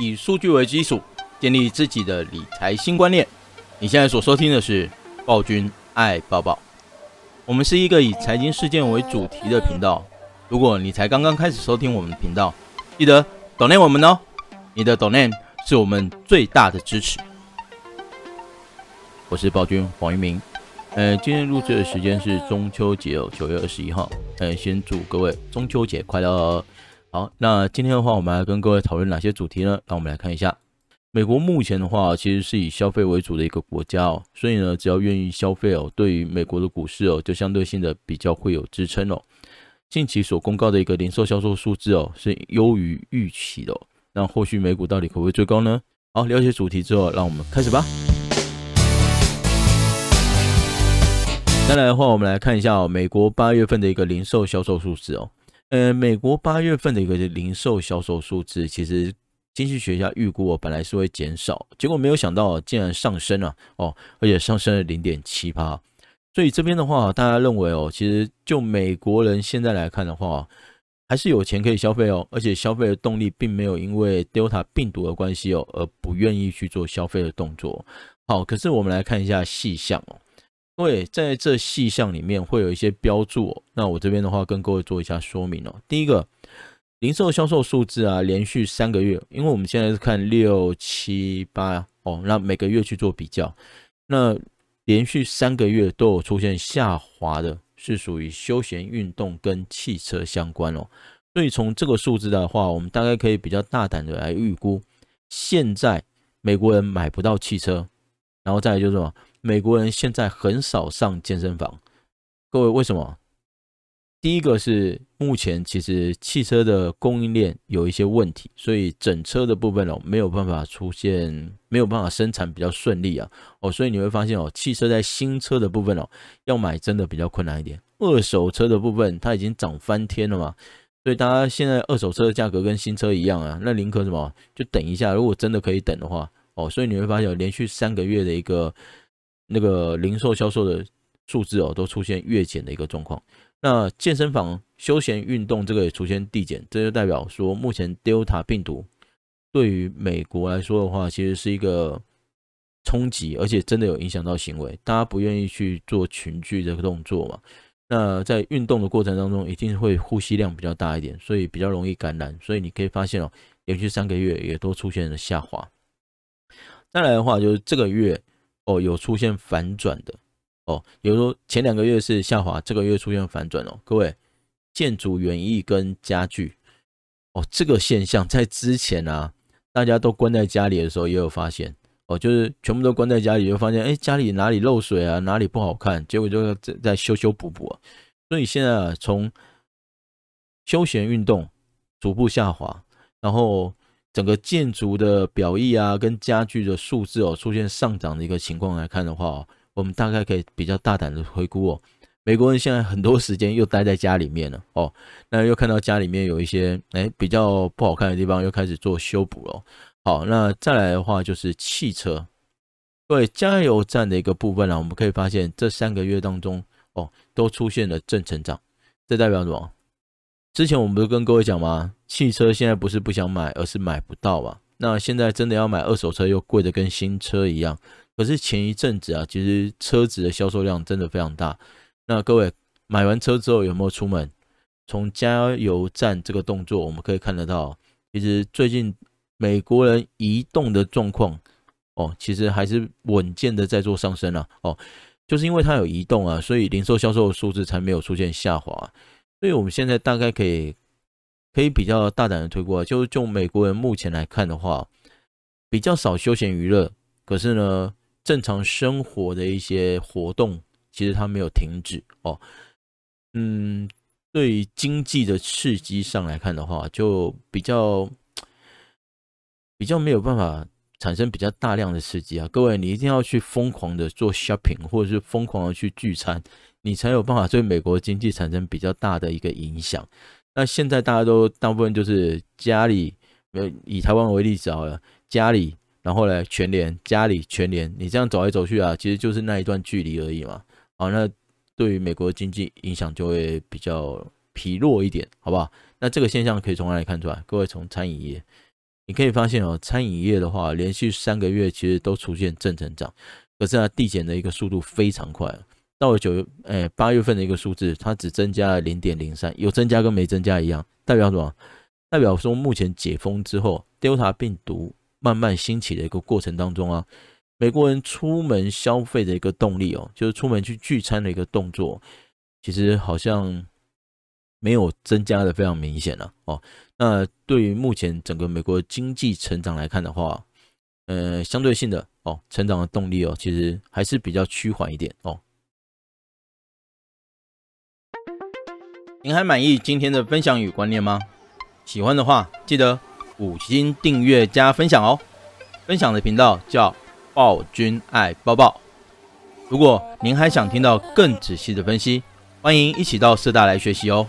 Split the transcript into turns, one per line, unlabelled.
以數據為基礎，建立自己的理財新觀念。你現在所收聽的是暴君愛抱抱。我們是一個以財經事件為主題的頻道。如果你才剛剛開始收聽我們的頻道，記得 Donate 我們哦。你的 Donate 是我們最大的支持。我是暴君黃一鳴。嗯、呃，今天錄製的時間是中秋節哦，九月二十一號。嗯、呃，先祝各位中秋節快樂樂好，那今天的話，我們來跟各位討論哪些主題呢？讓我們來看一下，美國目前的話，其實是以消費為主的一個國家哦，所以呢，只要願意消費哦，對於美國的股市哦，就相對性的比較會有支撐哦。近期所公告的一個零售銷售數字哦，是優於預期的哦。那後續美股到底可不可以追高呢？好，了解主題之後，讓我們開始吧。再來的話，我們來看一下哦，美國八月份的一個零售銷售數字哦。呃，美國八月份的一個零售銷售數字，其實經濟學家預估、哦、本來是會減少，結果沒有想到竟然上升了，哦，而且上升了零點七趴，所以這邊的話，大家認為哦，其實就美國人現在來看的話，還是有錢可以消費哦，而且消費的動力並沒有因為 Delta 病毒的關係哦，而不願意去做消費的動作。好，可是我們來看一下細項哦。因為在這細項裡面會有一些標注哦，那我這邊的話跟各位做一下說明哦。第一個零售銷售數字啊，連續三個月，因為我們現在是看六七八哦，那每個月去做比較，那連續三個月都有出現下滑的，是屬於休閒運動跟汽車相關哦。所以從這個數字的話，我們大概可以比較大膽的來預估，現在美國人買不到汽車。然後再就是說，美國人現在很少上健身房。各位為什麼？第一個是目前其實汽車的供應鏈有一些問題，所以整車的部分哦沒有辦法出現，沒有辦法生產比較順利啊。哦，所以你會發現哦，汽車在新車的部分哦要買真的比較困難一點。二手車的部分它已經漲翻天了嘛，所以大家現在二手車的價格跟新車一樣啊。那寧可什麼？就等一下，如果真的可以等的話。哦，所以你會發現，連續三個月的一個那個零售銷售的數字哦，都出現月減的一個狀況。那健身房、休閒運動這個也出現遞減，這就代表說，目前 Delta 病毒對於美國來說的話，其實是一個衝擊，而且真的有影響到行為，大家不願意去做群聚這個動作嘛。那在運動的過程當中，一定會呼吸量比較大一點，所以比較容易感染。所以你可以發現哦，連續三個月也都出現了下滑。再來的話就是這個月哦，有出現反轉的哦，比如說前兩個月是下滑，這個月出現反轉哦。各位，建築、園藝跟家具哦，這個現象在之前啊，大家都關在家裡的時候也有發現哦，就是全部都關在家裡，就發現誒、哎，家裡哪裡漏水啊，哪裡不好看，結果就在在修修補補。所以現在啊，從休閒運動逐步下滑，然後。整個建築的表意啊，跟家具的數字哦，出現上漲的一個情況來看的話哦，我們大概可以比較大膽的推估哦，美國人現在很多時間又待在家裡面了哦，那又看到家裡面有一些哎比較不好看的地方，又開始做修補了、哦。好，那再來的話就是汽車對加油站的一個部分呢、啊，我們可以發現這三個月當中哦，都出現了正成長，這代表什麼？之前我們不是跟各位講嗎？汽車現在不是不想買，而是買不到啊。那現在真的要買二手車，又貴得跟新車一樣。可是前一陣子啊，其實車子的銷售量真的非常大。那各位買完車之後有沒有出門？從加油站這個動作，我們可以看得到，其實最近美國人移動的狀況哦，其實還是穩健的在做上升啊。哦，就是因為它有移動啊，所以零售銷售的數字才沒有出現下滑啊。所以，我們現在大概可以，可以比較大膽的推估，就是美國人目前來看的話，比較少休閒娛樂，可是呢，正常生活的一些活動，其實它沒有停止哦。嗯，對於經濟的刺激上來看的話，就比較，比較沒有辦法產生比較大量的刺激啊。各位，你一定要去瘋狂的做 shopping，或者是瘋狂的去聚餐。你才有辦法對美國經濟產生比較大的一個影響。那現在大家都大部分就是家裡，呃，以台灣為例子好了，家裡，然後呢，全聯，家裡全聯，你這樣走來走去啊，其實就是那一段距離而已嘛。好，那對於美國經濟影響就會比較疲弱一點，好不好？那這個現象可以從哪裡看出來？各位從餐飲業，你可以發現哦，餐飲業的話，連續三個月其實都出現正成長。可是呢，遞減的一個速度非常快到了九月，哎，八月份的一個數字，它只增加了零點零三，有增加跟沒增加一樣，代表什麼？代表說目前解封之後，Delta 病毒慢慢興起的一個過程當中啊，美國人出門消費的一個動力哦，就是出門去聚餐的一個動作，其實好像沒有增加得非常明顯了，啊、哦。那對於目前整個美國經濟成長來看的話，呃，相對性的哦，成長的動力哦，其實還是比較趨緩一點哦。您還滿意今天的分享與觀念嗎？喜歡的話，記得五星訂閱加分享哦。分享的頻道叫暴君愛抱抱。如果您還想聽到更仔細的分析，歡迎一起到社大來學習哦。